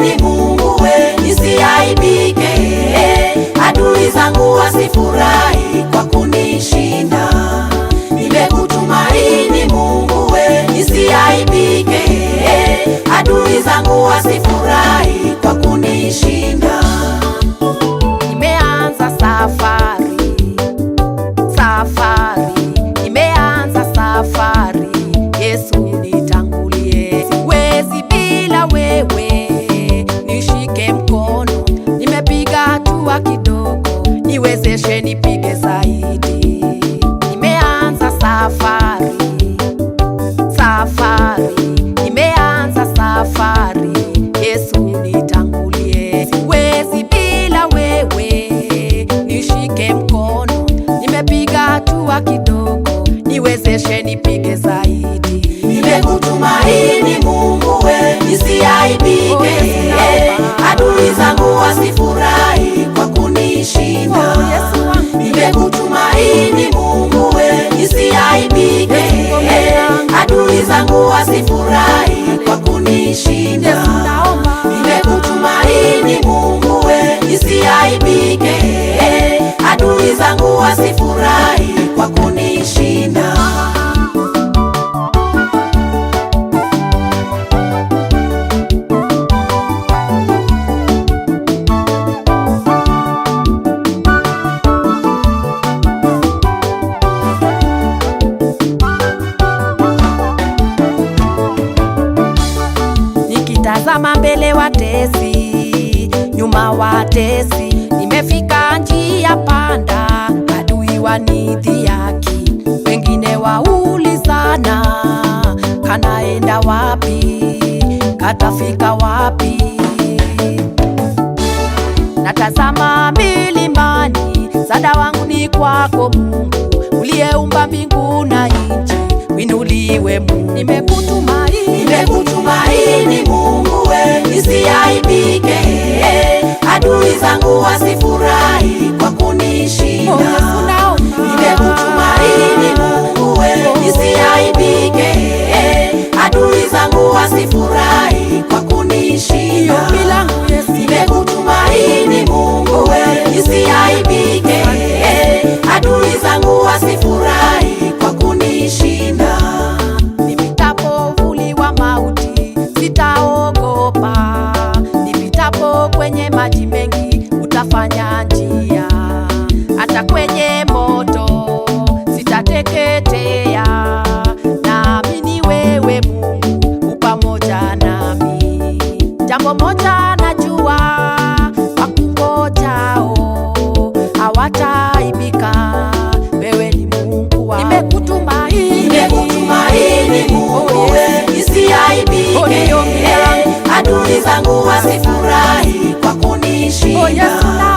Mimi Mungu we, nisiaibike, adui zangu wasifurahi zaidi. Nimeanza safari, safari, nimeanza safari. Yesu nitangulie, siwezi bila wewe, nishike mkono. Nimepiga hatua kidogo, niwezeshe nipige zaidi. Nimekutumaini Mungu we, nisiaibike, adui zangu wasifurahi kama mbele watesi, nyuma watesi, nimefika njia panda, adui wanidhihaki, wengine waulizana, kanaenda wapi? Katafika wapi? Natazama milimani, msaada wangu ni kwako Mungu, uliyeumba mbingu na nchi, winuliwe Mungu, nimekutuma nisaidike, adui zangu wasifurahi kwa kunishinda. Nimekutumaini Mungu wewe, nisiaibike, adui zangu wasifurahi kwa kunishinda. kwenye maji mengi, utafanya njia. Hata kwenye moto sitateketea. Naamini wewe Mungu pamoja nami. Jambo moja najua, wakungojao hawata zangu wasifurahi kwa kunishinda. Oh,